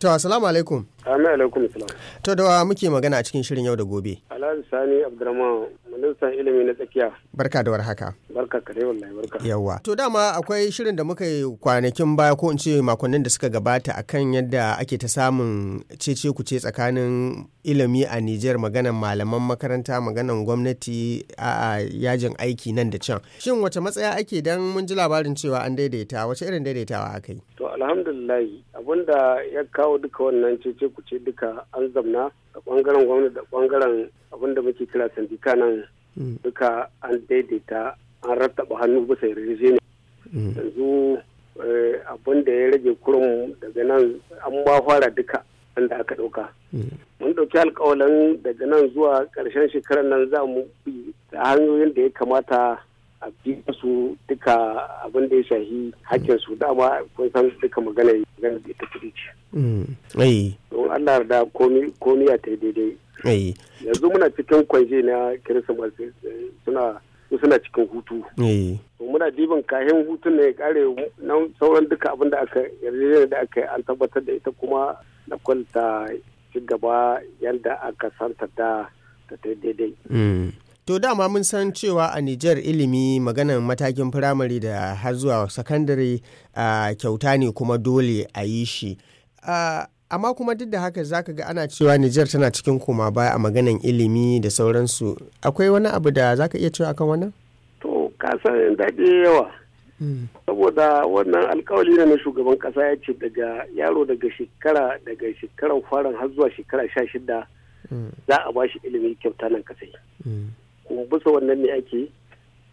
To, assalamu alaikum. Amin alaikum salam. To, da muke magana a cikin shirin yau da gobe. Alhaji Sani Abdurrahman san ilimi na tsakiya. Barka da warhaka. Barka ka dai wallahi barka. Yawwa. To dama akwai shirin da muka yi kwanakin baya ko in ce makonnin da suka gabata akan yadda ake ta samun cece kuce tsakanin ilimi a Nijar maganan malaman makaranta maganan gwamnati a yajin aiki nan da can. Shin wace matsaya ake dan mun ji labarin cewa an daidaita wace irin daidaitawa aka yi? To alhamdulillahi abinda ya kawo duka wannan cece kuce duka an zamna a bangaren gwamnati da bangaren abinda muke kira sandika nan duka an daidaita an rattaba hannu bisa yarjejeniya mm. yanzu eh, abin da ya rage kurum daga nan an ba fara duka wanda aka ɗauka mm. mun ɗauki alkawalin daga nan zuwa ƙarshen shekarar nan za mu bi da hanyoyin da ya kamata a bi su duka abin da ya shahi hakkin su dama kun san duka magana magana da ta Allah da komi ya ta daidai eh. yanzu muna cikin kwanje na Christmas eh, suna suna cikin hutu eh. muna diban kayan hutun ne kare nan sauran duka abin da aka yarjejeniya da aka an tabbatar da ita kuma na kwanta ci gaba yadda aka santa da ta daidai hmm. To dama mun san cewa a Nijar ilimi maganan matakin firamare da har zuwa sakandare ah, kyauta ne kuma dole a yi shi. Ah, amma kuma duk da haka zaka ga ana cewa Nijar tana cikin koma baya a maganan ilimi da sauransu akwai wani abu da zaka iya cewa akan wannan to kasan daɗi yawa hmm. saboda wannan alkawali na shugaban kasa ya ce daga yaro daga shekara daga shekarar farin har zuwa shekara sha shida hmm. za a ba shi ilimi kyauta nan kasai hmm. kuma bisa wannan ne ake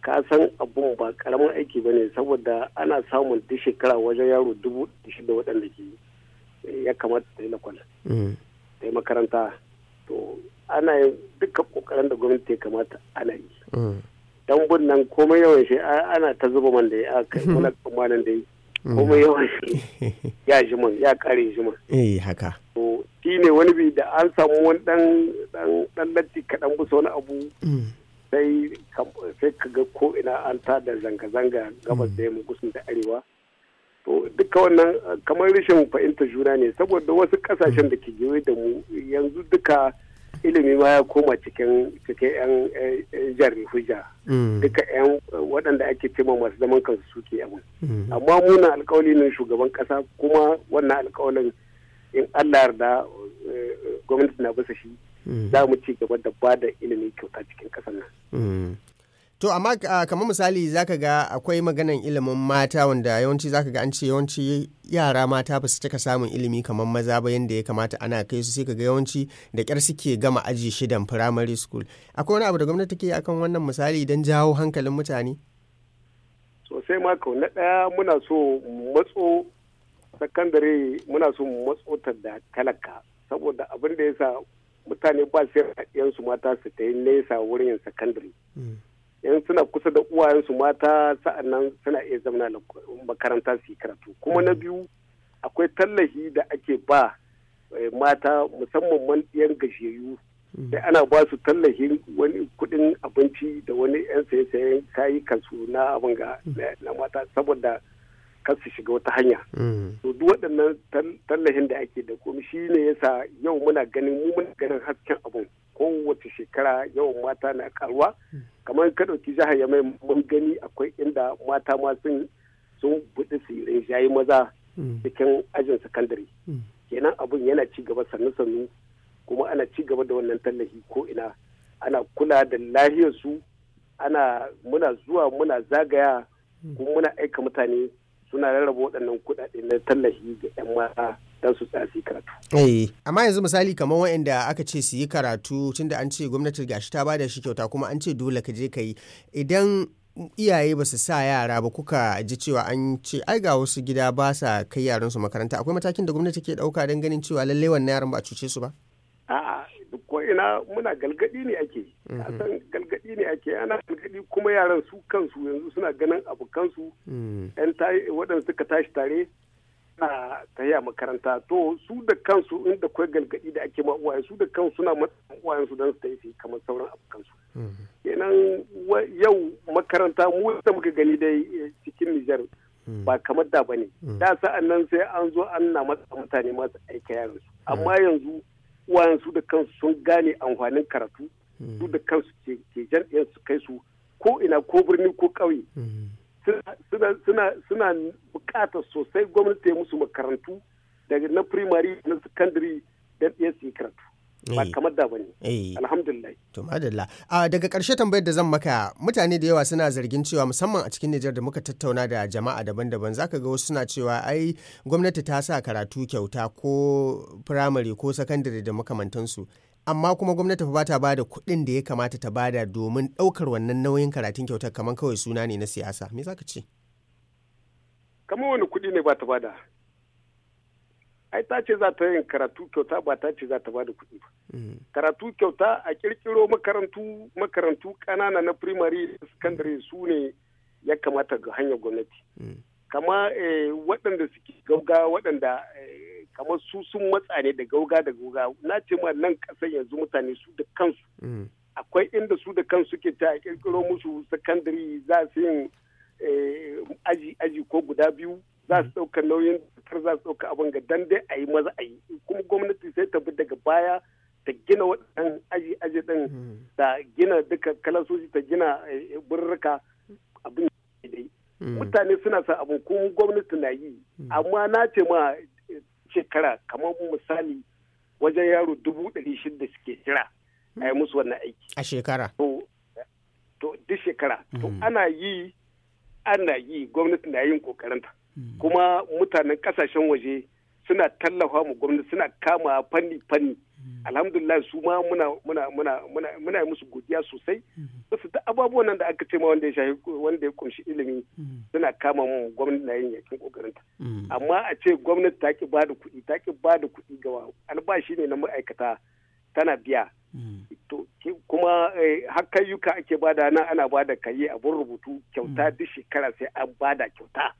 ka san abun ba karamin aiki ba ne saboda ana samun duk shekara wajen yaro dubu shida waɗanda ke yi. ya kamata ta yi lakwal mm. ta yi makaranta to ana yin duka kokarin da gwamnati ya kamata ana yi mm. dan bunnan komai yawan shi ana ta zuba man da ya kai mana kamanin da yi mm. komai yawan shi ya ji man ya kare ji man eh haka to shi ne wani bi da an samu wani dan dan latti kadan bu wani abu sai sai ka ga ko ina an tada zanga zanga gabas da yamma gusun da arewa duka wannan kamar rashin fahimta juna ne saboda wasu kasashen mm. da ke gewe da mu yanzu duka ilimi ma ya koma cikin cikin yan jari hujja duka yan waɗanda ake cema masu zaman kansu suke yamu mm. amma muna alkawali ne shugaban ƙasa kuma wannan alkawalin in allah yarda eh, gwamnati na bisa shi mm. za mu ci gaba da ba da ilimi kyauta cikin ƙasar nan To amma ah, kamar misali zaka ga akwai maganan ilimin mata wanda yawanci zaka ga an ce yawanci yara mata ba su cika samun ilimi kamar maza ba yadda ya kamata ana kai su sai ka ga yawanci da kyar suke gama aji shidan primary school. Akwai wani abu da gwamnati ke akan wannan misali don jawo hankalin mutane? Sosai mako na ɗaya muna so matso sakandare muna so matso ta da talaka saboda abin da ya sa mutane ba su mata su ta yi nesa wurin sakandare. Hmm. in suna kusa da uwayensu mata sa'annan suna iya zama makaranta su karatu kuma na biyu akwai tallafi da ake ba eh, mata musamman man yan gajiyayyu mm. sai ana ba su tallahin wani kudin abinci da wani yan saye-sayen kayi kansu na abin ga mm. na mata saboda kar su shiga wata hanya mm. to duk waɗannan tallafin da ake da kuma shi ne yasa yau muna ganin mu muna ganin hasken abin kowace shekara yawan mata na karuwa kamar ka ɗauki jihar yamai mun gani akwai inda mata ma sun sun buɗi maza cikin ajin sakandare kenan abun yana ci gaba sannu sannu kuma ana ci gaba da wannan tallafi ko ina ana kula da lahiyarsu ana muna zuwa muna zagaya kuma muna aika mutane suna rarraba waɗannan kuɗaɗe na tallafi ga 'yan mata don su tsaya su karatu. Eh, amma yanzu misali kamar waɗanda aka ce su yi karatu tun da an ce gwamnatin gashi ta bada shi kyauta kuma an ce dole ka je ka yi idan iyaye ba su sa yara ba kuka ji cewa an ce ai ga wasu gida ba sa kai yaransu makaranta akwai matakin da gwamnati ke ɗauka don ganin cewa lallai wannan yaran ba cuce su ba? A'a ko ina muna galgadi ne ake mhm. san galgadi ne ake ana galgadi kuma yaran su kansu yanzu suna ganin abu kansu. Mhm. yan waɗanda suka tashi tare na tahiya makaranta to su da kansu inda kwai galgadi da ake ma su da kansu suna matsan uwayensu don su ta tafi kamar sauran abu kansu mhm. kenan yau makaranta mu da muka gani dai eh, cikin Nijar ba kamar da ba ne. da sa'an nan sai an zo an na matsa mutane masu aika yaransu amma yanzu uwayen su da kansu sun gane amfanin karatu su da kansu ke jar'in su kai su ko ina ko birni ko ƙauye suna bukatar sosai gwamnati musu makarantu daga na primary na sakandare da ɗaya su karatu ba eh. kamar da bane eh. alhamdulillah to daga karshe tambayar da zan maka mutane da yawa suna zargin cewa musamman a cikin Nijar da muka tattauna da jama'a daban-daban zaka ga wasu suna cewa ai gwamnati ta sa karatu kyauta ko firamare ko sakandare da makamantansu amma kuma gwamnati ba ta bada kuɗin da ya kamata ta bada domin ɗaukar wannan nauyin karatun kyauta kamar kawai suna ne na siyasa me zaka ce kamar wani kuɗi ne ba ta bada ai ta ce za ta yin karatu kyauta ba ta ce za ta ba da kuɗi ba mm. karatu kyauta a ƙirƙiro makarantu makarantu ƙanana na primary secondary su ne ya kamata ga hanyar gwamnati mm. kama eh, waɗanda suke gauga waɗanda eh, kama su sun matsa ne da gauga da gauga na ce ma nan ƙasar yanzu mutane su da kansu mm. akwai inda su da kansu ke ta ƙirƙiro musu secondary za su yin eh, aji aji ko guda biyu za su ɗauka nauyin dokar za su ɗauka abin ga dan dai a yi maza a yi kuma gwamnati sai ta bi daga baya ta gina waɗannan aji aji ɗin da gina duka kalasoshi ta gina eh, birrika abin da hmm. mutane suna sa abin kuma gwamnati na yi hmm. amma na ce ma eh, shekara kamar misali wajen yaro dubu ɗari shida suke jira a yi musu wannan aiki a shekara to duk shekara to hmm. ana yi ana yi gwamnati na yin kokarinta kuma mutanen kasashen waje suna tallafa mu gwamnati suna kama fanni fanni mm. alhamdulillah su ma muna muna muna muna muna musu godiya sosai mm-hmm. su ta ababuwan nan da aka ce ma wanda ya shafi wanda ya kunshi ilimi mm. suna kama mu gwamnati na yin yakin kokarin ta mm. amma a ce gwamnati ta ki bada kuɗi ta ki bada kuɗi ga albashi ne na ma'aikata tana biya to kuma eh, yuka ake bada nan ana bada kayi abun rubutu kyauta duk shekara sai an bada kyauta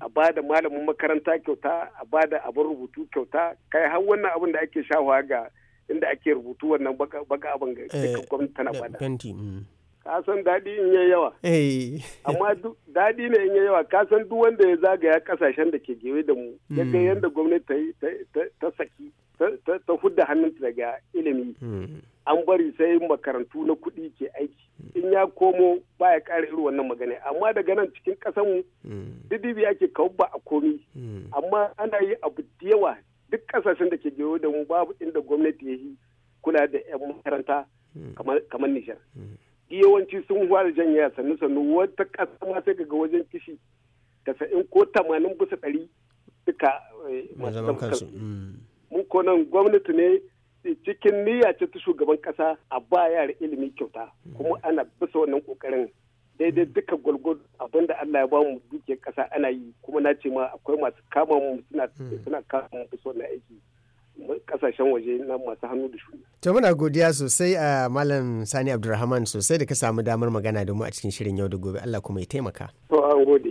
a ba da malamin makaranta kyauta a ba da abin rubutu kyauta kai har wannan abin da ake shawa ga inda ake rubutu wannan baka abin ga eh, gwamnati tana bada mm. ka san daɗi in yi yawa eh. amma daɗi ne in yi yawa ka san duk wanda ya zagaya kasashen da ke gewe da mu ya ga mm. gwamnati ta saki ta hudda hannunta daga ilimi mm. an bari sai makarantu na kuɗi ke aiki in ya komo baya ya ƙara irin wannan magana amma daga nan cikin ƙasanmu hmm. didibi ake kawo ba a komi hmm. amma ana yi abu da yawa duk ƙasashen da ke gero da mu babu inda gwamnati ya yi kula da 'yan makaranta hmm. kamar nishar yawanci sun fara janya sannu sannu wata ƙasa ma sai ga wajen kishi tasa'in ko tamanin bisa ɗari duka eh, masu mun ko nan gwamnati ne cikin niyya ce ta shugaban kasa a ba yara ilimi kyauta kuma ana bisa wannan kokarin daidai duka gwalgwado abinda Allah ya ba mu duke kasa ana yi kuma na ce ma akwai masu kama mu suna hmm. suna kama mu bisa wannan aiki kasashen waje na masu hannu da shuni. To muna godiya sosai a Malam Sani Abdulrahman sosai da ka samu damar magana da mu a cikin shirin yau da gobe Allah kuma ya taimaka. To an gode.